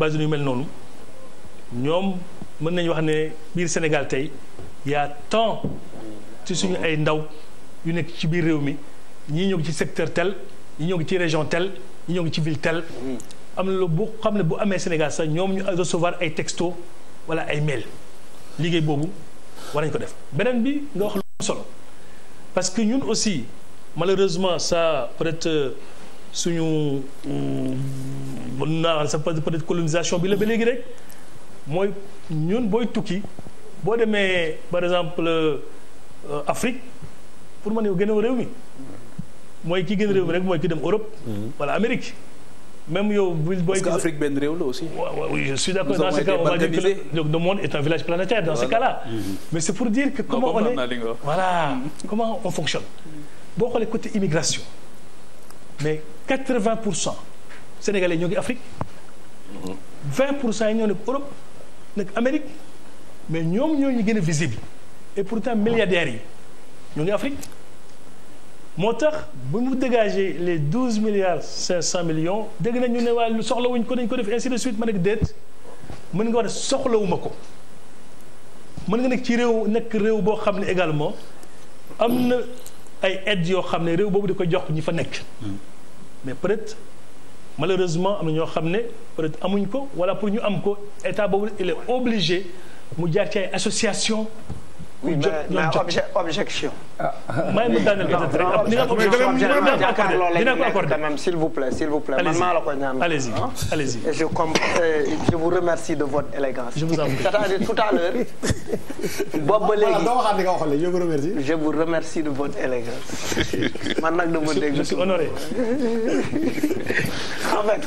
base yu mel noonu ñoom mën nañ wax ne biir Sénégal tey y'a temps ci suñu ay ndaw yu nekk ci biir réew mi ñii ñoo ngi ci secteur tel ñii ñoo ngi ci région tel ñii ngi ci ville tel am na lu bu xam ne bu amee Sénégal sax ñoom ñu recevoir ay texto wala ay mail liggéey boobu war nañ ko def beneen bi nga wax lu solo parce que ñun aussi malheureusement ça suñu mën naa sa peut-être colonisation bi la ba léegi rek mooy ñun booy tukki boo demee par exemple euh, Afrique pour man o gën a réew mi mooy ki gën a rek mooy ki dem Europe. Mhm. wala Amérique. même yow bu booy. parce que Afrique la aussi. waaw waaw je suis d'accord dans ce cas on va dire que le monde est un village planétaire dans ce cas-là. Mhm. mais c'est pour dire que comment on fonctionne. boo xoolee côté immigration 80 pour cent sénégalais ñoo ngi Afrique 20 pour cent yi ñoo nekk Europe nekk Amérique mais ñoom ñoo ñu gën a visible et pourtant milliardaires yi ñoo ngi Afrique moo tax bu mu dégager les 12 milliards 500 millions dégg nañ ñu ne waa soxlawuñ ko dañ ko def ainsi de suite ma nekk déet mën nga wax ne soxlawuma ko mën nga nekk ci réew nekk réew boo xam ne également am na ay aides yoo xam ne réew boobu di ko jox ñi fa nekk. mais peut-être malheureusement am na ñoo xam ne peut-être amuñ ko wala pour ñu am ko état boobu il est obligé mu jaar ci ay association oui mais objet objection. may mu daaneel peut-être rek dina ko dina ko accordé quand même s'il vous plaît s'il vous plaît. man maa la ko ñaan allez-y allez-y et je comprends je vous remercie de votre élégance. je vous en prie c'est-à-dire tout à l'heure boobu ba léegi je vous remercie. je vous remercie de votre élégance. man nag dama dégg. je suis honoré. en fait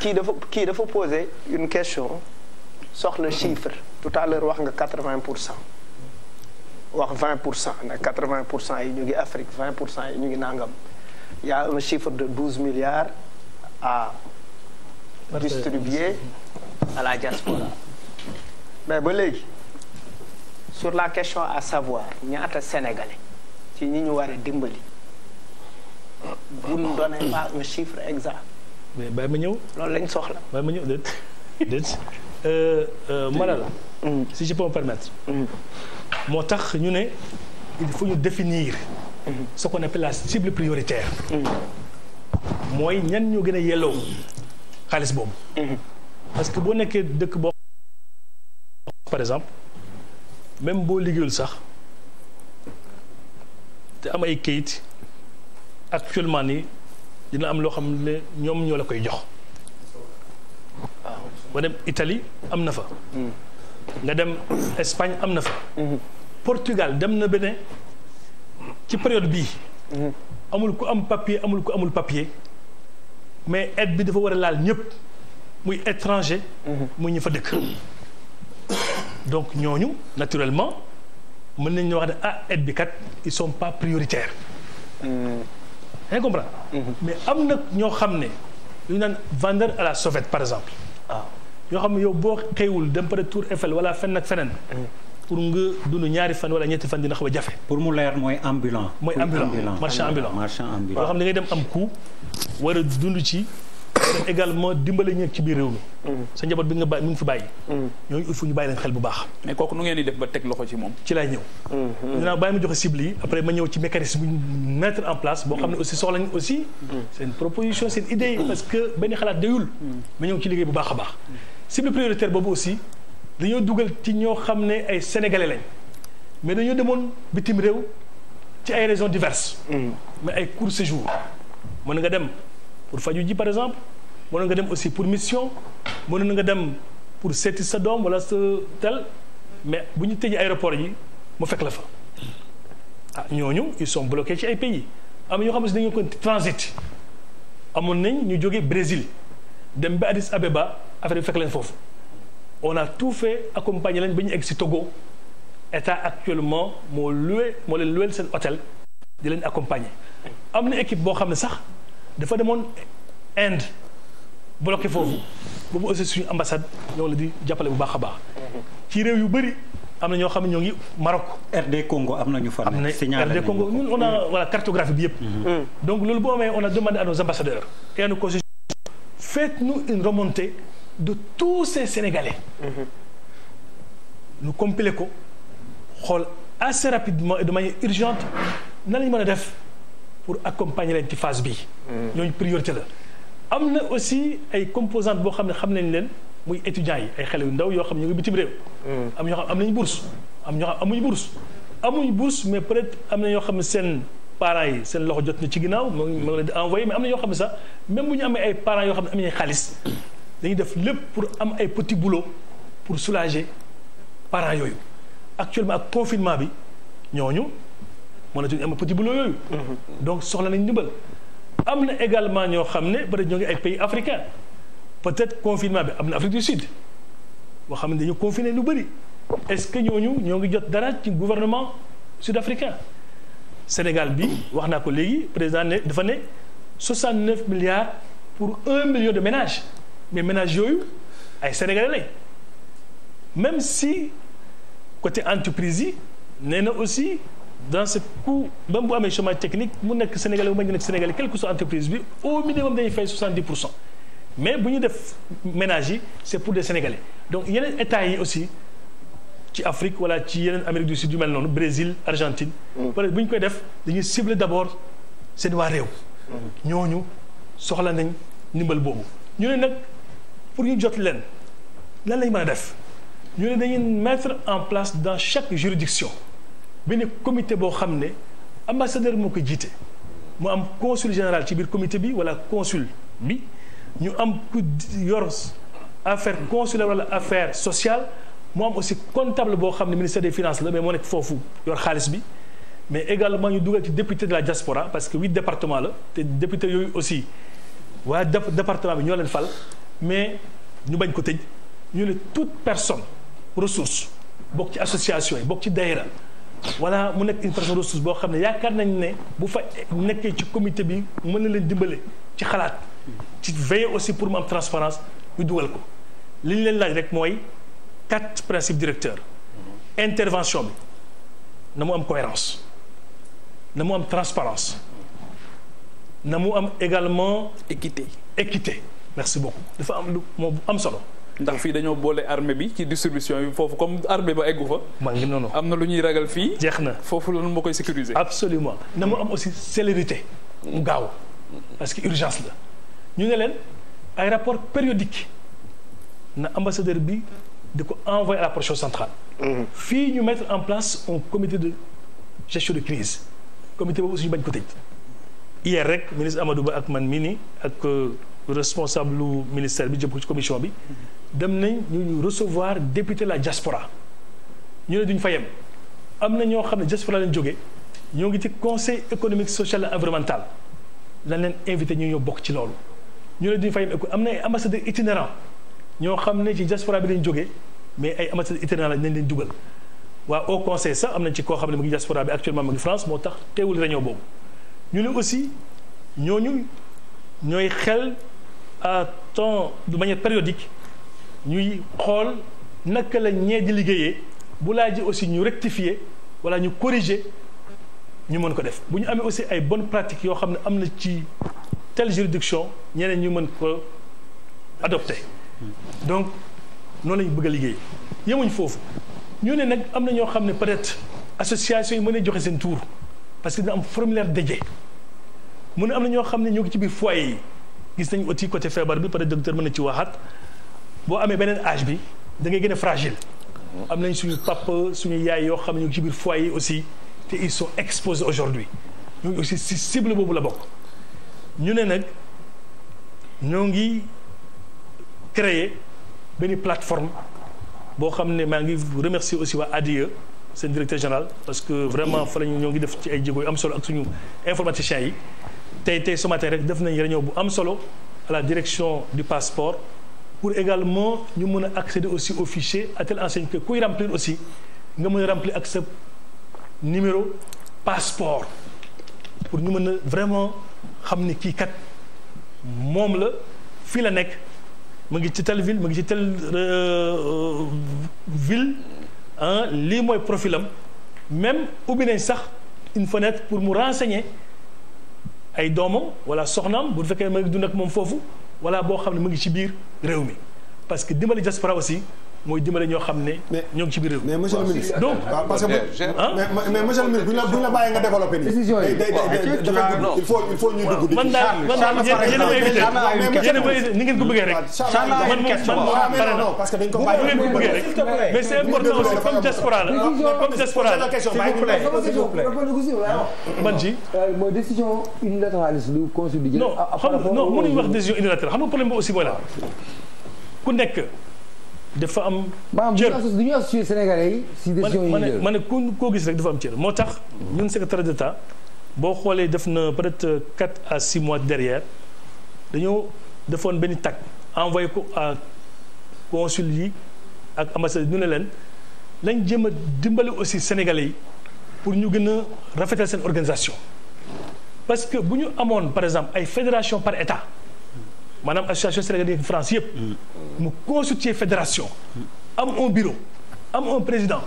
kii dafa kii dafa poser une question. soxla chiffre tout à wax nga quatre-vingt pour cent wax vingt pour cent nag quatre pour cent yi ñu ngi Afrique vingt pour cent yi ñu ngi nangam y a chiffre de douze milliards à distribuer à la diaspora mais ba léegi sur la question à savoir ñaata sénégalais ci ñi ñu war dimbali bu ñu donnee pas un chiffre exact mais bàyyi ma ñëw loolu lañ soxla bàyyi ma ñëw Euh, euh, ma ne la mm. mm. moo tax ñu ne fu ñu définir mm-hmm. ce qu'on appelle la cible prioritaire mm-hmm. mooy ñan ñoo gën a yelloo xaalis boobu mm-hmm. parce que boo nekkee dëkk boo par exemple même boo liggéeyul sax te am ay kayit actuellement nii dina am loo xam ne ñoom ñoo la koy jox nga dem Italie am na fa. nga dem Espagne am na fa. Portugal dem na beneen ci période bi amul ku am papier amul ku amul papier mais aide bi dafa war a laal ñëpp muy étranger. muy ñu fa dëkk. donc ñooñu naturellement mën nañu wax ne ah aide bi kat ils sont pas prioritaires. yaa ngi mm-hmm. mais am na ñoo xam ne lu ñu naan vendeur à la sauvette par exemple waaw. Ah. yoo xam ne yow boo xëywul dem peut-être Tour Eiffel wala fenn ak feneen. pour nga dund ñaari fan wala ñetti fan dina xaw a jafe. pour mu leer mooy ambulant. mooy ambulant marchand ambulant marchand ambulant. yoo xam ne da ngay dem am coup war a dund ci. te également dimbale ñeeg ci biir réew mi. sa njaboot bi nga bàyyi mi ngi fi bàyyi. ñooñu il faut ñu bàyyi leen xel bu baax. mais kooku nu ngeen di def ba teg loxo ci moom. ci laay ñëw. dinaa bàyyi ma joxe cible yi après ma ñëw ci mécanisme bu ñu mettre en place boo xam ne aussi soxla nañ aussi. seen proposition seen idée parce que benn xalaat dayul. Mm. ma ñëw ci liggéey bu baax a baax. cible prioritaire boobu aussi dañoo dugal ci ñoo xam ne ay sénégalais lañ mais dañoo demoon bitim réew ci ay raisons diverses. Mm. mais ay court séjour mën na nga dem pour faju ji par exemple mën nga dem aussi pour mission mën na nga dem pour seeti sa doom wala sa tel mais bu ñu tëjee aéroport yi mu fekk la fa ah ñooñu il sont bloqués ci ay pays am ñoo xam ne dañoo ko transit amoon nañ ñu jógee Brésil dem ba Addis Abeba. affaire bi fekk leen foofu on a tout fait accompagner leen ba ñu egg si Togo état actuellement moo loué moo leen loué seen hôtel di leen accompagner am na équipe boo xam ne sax dafa demoon Inde bloqué foofu boobu aussi suñu ambassade ñoo la di jàppale bu baax baax mhm. ci réew yu bëri am na ñoo xam ne ñoo ngi Maroc. RD Congo am na ñu fa. am na RD Congo ñun on a mhm. voilà cartographie yëpp. Mhm. donc loolu boo amee a demandé à nos ambassadeurs de tous ces Sénégalais. ñu mm-hmm. compilé ko xool assez rapidement et de manière urgente nan la ñu mën a def pour accompagner leen ci phase bi ñooñu mm-hmm. priorité la. am na aussi ay composantes boo xam ne xam nañ leen muy étudiants yi ay xale yu ndaw yoo xam ñu ngi bitim réew. Mm-hmm. am ñoo xam am nañu bourse am ñoo xam amuñu bourse amuñu bourse mais peut-être am na ñoo xam ne seen. parents yi seen loxo jot na ci ginnaaw moo ngi leen di envoyé mais am na yoo xam ne sax même bu ñu amee ay parent yoo xam ne am nañu xaalis dañuy def lépp pour am ay petit bulo pour soulager parent yooyu actuellement ak confinement bi ñoo ñooñu mënatuñu am petit boulot yooyu. Mhm. donc soxla nañ ndimbal. am na également ñoo xam ne peut-être ñoo ngi ay pays africains peut-être confinement bi am na Afrique du Sud boo xam ne dañoo confiné lu bëri est-ce que ñooñu ñoo ngi jot dara ci gouvernement sud-africain Sénégal bi wax naa ko léegi président ne dafa ne 69 milliards pour un million de ménage mais ménage yooyu ay sénégalais lañ même si côté entreprise yi nee na aussi dans ce coup même bu amee chômage technique mu nekk sénégalais bu bañ nekk sénégalais quelle que soit entreprise bi au minimum dañuy fay 70 pour cent mais bu ñu def ménage yi c'est pour des sénégalais donc yeneen état yi aussi ci Afrique wala ci yeneen Amérique du Sud yu mel noonu Brésil Argentine. Mm. peut-être bu ñu koy def dañuy cibler d'abord seen waa réew. Mm. ñooñu soxla nañ ndimbal boobu pour ñu jot leen lan lañ mën def ñu ne dañuy mettre en place dans chaque juridiction benn comité boo xam ne ambassadeur moo ko jiite mu am consul général ci biir comité bi wala consul bi ñu am ku yor affaire consulaire wala affaire sociale mu am aussi comptable boo xam ne ministère des finance la mais moo nekk foofu yor xaalis bi mais également ñu dugal ci député de la diaspora parce que huit département la te député yooyu aussi waa département bi ñoo leen fal mais ñu bañ ko tëj ñu ne toute personne ressource bokk ci association yi bokk ci daayira wala mu nekk une personne ressource boo xam ne yaakaar nañ ne bu fa nekkee ci commité bi mën na leen dimbale ci xalaat ci veiller aussi pour mu am transparence ñu dugal ko li ñu leen laaj rek mooy quatre principes directeur intervention bi na mu am cohérence na mu am transparence na mu am également équité équité merce beaucoup dafa am lu moo am solo. ndax fii dañoo boole armée bi ci distribution yi foofu comme armée ba eggu fa. maa ngi noonu am na lu ñuy ragal fii. jeex na foofu loolu moo koy sécuriser. absolument na mu am aussi célérité. mu gaaw parce que urgence la ñu ne leen ay rapport périodique na ambassadeur bi di ko envoyer à la centrale. Mhm. fii ñu mettre en place un comité de gestion de crise comité boobu aussi ñu bañ ko tëj. hier rek ministre Amadou Ba ak man mii nii ak. Euh, responsable lu ministère bi jëm ko ci commission bi dem nañ ñu recevoir député la diaspora ñu ne duñ fa yem am na ñoo xam ne diaspora lañ jógee ñoo ngi ci conseil économique social et environnemental lañ leen invité ñu ñoo bokk ci loolu ñu ne duñ fa yem am na ay ambassadeur itinérant ñoo xam ne ci diaspora bi lañ jógee mais ay ambassadeur itinérant lañ leen dugal waa au conseil sax am nañ ci koo xam ne mu ngi diaspora bi actuellement mu ngi France moo tax teewul réunion boobu ñu ne à temps de manière périodique ñuy xool naka la ñee di liggéeyee bu laajee aussi ñu rectifier wala ñu corriger ñu mën ko def bu ñu amee aussi ay bonnes pratiques yoo xam ne am na ci telle juridiction ñeneen ñu mën ko adopté donc noonu lañu bëgg a liggéey yemuñ foofu ñu ne nag am na ñoo xam ne peut-être association yi mën a joxe seen tour parce que dina am formulaire dédié mu ne am na ñoo xam ne ñoo ngi ci biir foyer yi gis nañ aussi côté feebar bi peut être docteur mën na ci waxaat boo amee beneen âge bi dangay ngay gën a fragile. am nañ suñu papa suñu yaay yoo xam ne ñu ngi biir foyer yi aussi te ils sont exposés aujourd'hui ñooñu aussi si cible boobu la bokk ñu ne nag ñoo ngi créer benn plateforme boo xam ne maa ngi remercier aussi waa ADIE seen directeur général parce que vraiment fa la ñu ñoo ngi def ci ay jéego yu am solo ak suñu informaticien yi tey tey ce matin rek def nañ réunion bu am solo à la direction du passeport pour également ñu mën a accéder aussi au fichier à telle enseigne koy kuy remplir aussi nga mën a remplir ak sa numéro passeport pour ñu mën a vraiment xam ni kii kat moom la fii la nekk mu ngi ci telle ville mu ngi ci telle euh, euh, ville ah lii mooy profilam même ubbi nañ sax une fenêtre pour mu renseigner. ay doomam wala soxnaam bu fekkee ma ngi dund ak moom foofu wala boo xam ne mu ngi ci biir réew mi parce que dimbali diaspora aussi mooy dimbale ñoo xam ne. ñoo ngi ci biir réew. mais monsieur le ministre. donc parce que mais mais monsieur le ministre bu ñu la bu ñu la bàyyee nga développé nii. décision yi il faut il faut ñu dugg. man daal man daal yéen a ma invité yéen a ma invité ni ngeen ko bëggee rek. man moom pare na parce que dañ ko bàyyi ngeen ko bëggee rek. mais c'est important aussi comme diaspora la comme diaspora la. man ji. Euh, mooy décision unilatéraliste lu conseil du. non ah, ah, xam non mënuñu wax décision unilatérale xam nga problème bi aussi mooy la ku nekk. dafa am. cër maanaam du ñu associé Sénégalais yi si décision yi ñu ma ne ku koo gis rek dafa am cër moo tax. ñun secrétaire d'État boo xoolee def na peut-être 4 à 6 mois derrière dañoo defoon benn takk envoyé ko à consul yi ak ambassade ñu ne leen lañ jëm a dimbali aussi Sénégalais yi pour ñu gën a rafetal seen organisation. parce que bu ñu amoon par exemple ay fédération par état. maanaam association sénégalaise de France yëpp. mu constituer fédération. am un bureau am un président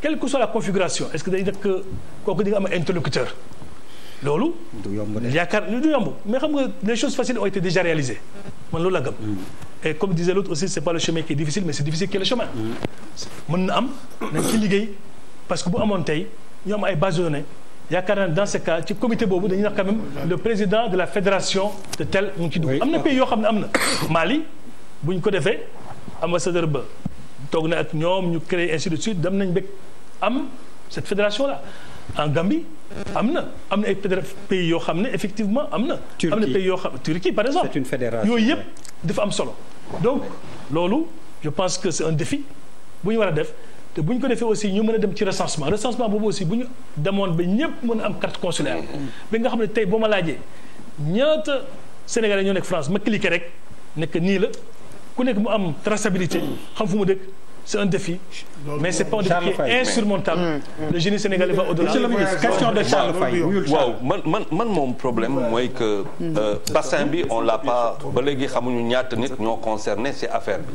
quelle que soit la configuration est-ce que day nekk kooku di nga am interlocuteur. loolu. du yomb yaakaar du yomb mais xam nga les choses faciles ont été déjà réalisées. man loolu la gëm. Mm. et comme disait l'autre aussi c'est pas le chemin qui mais c'est difficile qui le chemin. Mm. mën na am nañ liggéey parce que bu amoon tey ñu am ay bases données. yaakaar naa dans ce cas ci comité boobu dañuy wax quand même le président de la fédération de tel mu ngi ci dugg. am na pays yoo xam ne am na Mali bu ñu ko defee ambassadeur ba toog na ak ñoom ñu créé ainsi de suite dem nañ bëgg am cette fédération là en Gambie. am na am na ay pays yoo xam ne effectivement am na. am na pays yoo xam Turquie par exemple. c'est une fédération yooyu yëpp dafa am solo. donc loolu je pense que c'est un défi bu ñu war a def. te bu ñu ko defee aussi ñu mën a dem ci recensement recensement boobu aussi bu ñu demoon ba ñëpp mën a am carte consulaire. bi nga xam ne tey boo ma laajee ñaata Sénégalais ñoo nekk France ma cliqué rek nekk nii la ku nekk mu am traçabilité xam fu mu dëkk. c'est un défi mais c'est pas un défi qui est insurmontable mm, mm. le génie sénégalais va au-delà question de Charles Faye waaw man man man moom problème mm. mooy que euh, bassin bi on l'a pas ba léegi xamuñu ñaata nit ñoo concerné ci affaire bi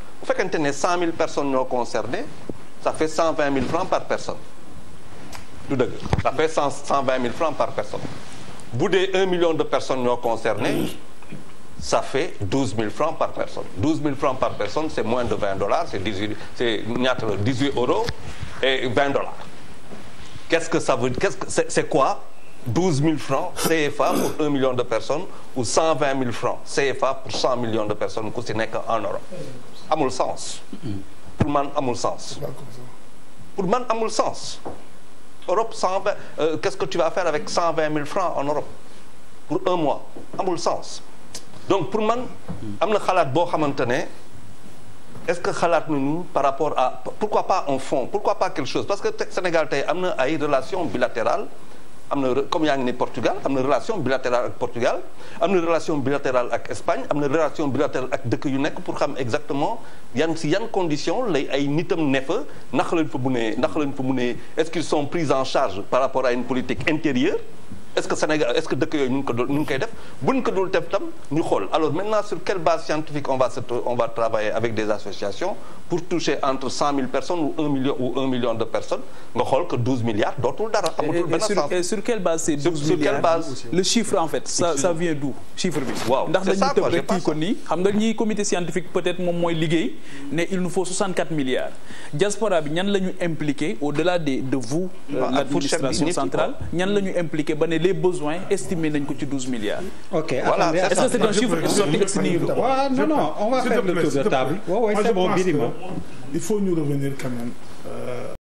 bu fekkente ne cent mille personnes ñoo concerné ça fait cent mille francs par personne du dëgg ça fait cent cent vingt mille francs par personne bu de un million de personnes ñoo concerné ça fait douze mille francs par personne douze mille francs par personne c'est moins de vingt dollars c'est dix-huit c'est ñaata la dix-huit euros et vingt dollars qu'est-ce c'est quoi douze mille francs CFA pour million de personnes ou cent vingt mille francs CFA pour cent millions de personnes ku si en Europe amul sens pour man amul sens pour man amul sens Europe cent vingt euh, qu'est-ce que tu vas faire avec cent vingt mille francs en Europe pour un mois amul sens donc pour man am na xalaat boo xamante ne est-ce que xalaat nañu par rapport à pourquoi pas un fonds pourquoi pas quelque chose parce que Sénégal tey am na ay relations bilatérales am na comme yaa ngi Portugal am na relation bilatérale ak Portugal am na relation bilatérale ak Espagne am na relation bilatérale ak dëkk yu nekk pour xam exactement yan si yan condition lay ay nitam ne fa naka lañ fa munee naka lañ fa munee est-ce qu'ils sont pris en charge par rapport à une politique intérieure est-ce que Sénégal est-ce que dëkk yooyu ñu ngi ko dul ñu ngi koy def buñ ko dul def tam ñu xool alors maintenant sur quelle base scientifique on va se on va travailler avec des associations pour toucher entre cent mille personnes ou un million ou un million de personnes nga xool que douze milliards dootul dara. amatul benn sens et sur quelle base. c'est douze milliards sur quelle base. le chiffre en fait ça ça vient d'où chiffre bi. waaw ndax dañuy tëb rek kii ko nii xam nga ñi comité scientifique peut-être moom mooy liggéey ne il nous faut 64 milliards. diaspora bi ñan la ñu impliqué au-delà des de vous. Euh, l'administration centrale ñan la ñu impliqué ba ne les besoins estimés nañ ko ci douze milliards. ok voilà est ce que c'est un chiffre qui sort excédé. waaw non non on va faire le tour de table. waaw waaw c'est bon Birima. il faut ñu revenir quand même.